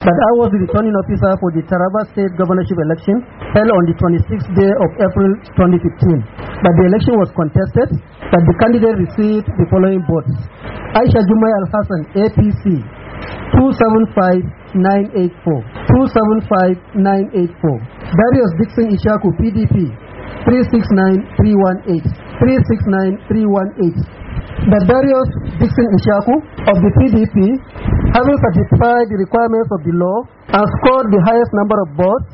But I was the returning officer for the Taraba State governorship election, held on the 26th day of April 2015. But the election was contested, but the candidate received the following votes. Aisha Jumai Al Hassan, APC, 275984. 275984. Darius Dixon Ishaku, PDP, 369318. 369318. The Darius Dixon Ishaku of the PDP having satisfied the requirements of the law and scored the highest number of votes,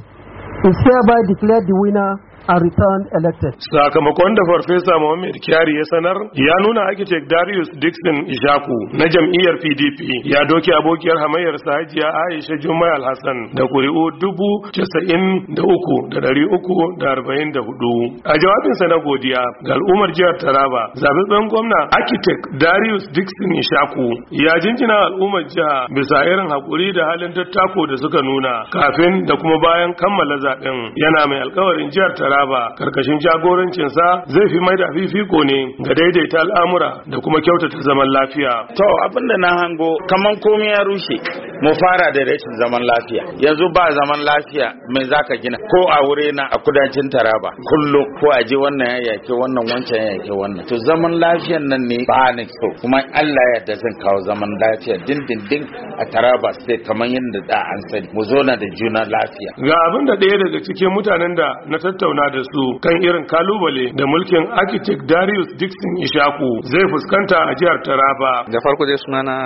is hereby declared the winner and return elected. Sakamakon da Farfesa Mohammed Kyari ya sanar ya nuna architect Darius Dixon Ishaku na jam'iyyar PDP ya doke abokiyar hamayyar Hajiya Aisha Jummai Alhassan da kuri'u dubu casa'in da uku da dari uku da arba'in da hudu. A jawabinsa na godiya ga al'ummar jihar Taraba zaɓaɓɓen gwamna architect Darius Dixon Ishaku ya jinjina al'ummar jiha bisa irin haƙuri da halin tattako da suka nuna kafin da kuma bayan kammala zaɓen yana mai alkawarin jihar Taraba karkashin jagorancin sa zai fi mai da fifiko ne ga daidaita al'amura da kuma kyautata zaman lafiya. To abinda na hango kaman komai ya rushe mu fara da rashin zaman lafiya yanzu ba zaman lafiya mai zaka gina ko a wuri na a kudancin Taraba kullum ko a je wannan ya yake wannan wancan ya yake wannan to zaman lafiyan nan ne ba ni so kuma Allah ya yarda zan kawo zaman lafiya dindindin a Taraba sai kaman yadda da an sani mu zo na da juna lafiya. Ga abin da ɗaya daga cikin mutanen da na tattauna da su kan irin kalubale da mulkin architect Darius Dixon Ishaku zai fuskanta a jihar Taraba. Da farko dai sunana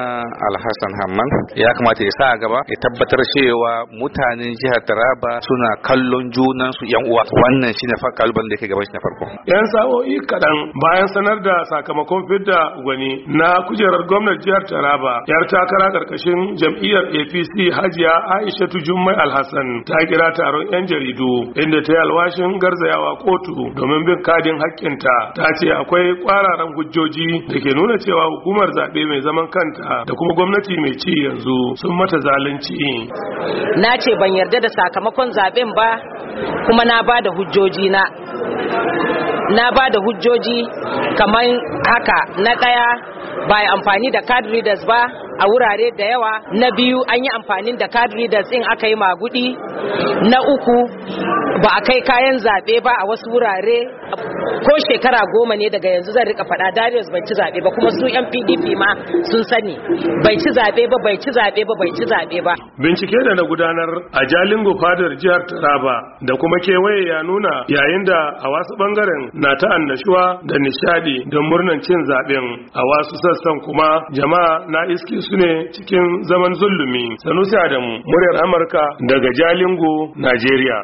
Alhassan Hamman ya kamata ya sa a gaba ya tabbatar cewa mutanen jihar Taraba suna kallon junan su yan uwa wannan shine kalubalen da yake gaban shi na farko. Yan sa'o'i kaɗan bayan sanar da sakamakon fidda gwani na kujerar gwamnar jihar Taraba yar takara karkashin jam'iyyar APC Hajiya Aisha Jummai Alhassan ta kira taron yan jaridu inda ta yi alwashin garzayawa kotu domin bin kadin hakkinta ta ce akwai kwararan hujjoji da ke nuna cewa hukumar zaɓe mai zaman kanta da kuma gwamnati mai ci yanzu sun mata zalunci na ce ban yarda da sakamakon zaɓen ba kuma na ba da hujjoji na na ba da hujjoji kamar haka na ɗaya ba amfani da card readers ba a wurare da yawa na biyu an yi amfani da card readers in aka yi magudi na uku ba a kai kayan zaɓe ba a wasu wurare ko shekara goma ne daga yanzu zan rika faɗa Darius bai ci zaɓe ba kuma su yan PDP ma sun sani bai ci zaɓe ba bai ci zaɓe ba bai ci zaɓe ba. Bincike da na gudanar a Jalingo fadar jihar Taraba da kuma kewaye ya nuna yayin da a wasu bangaren na ta annashuwa da nishadi don murnan cin zaɓen a wasu sassan kuma jama'a na iske su ne cikin zaman zulumi sanusi adamu muryar amurka daga jalingo najeriya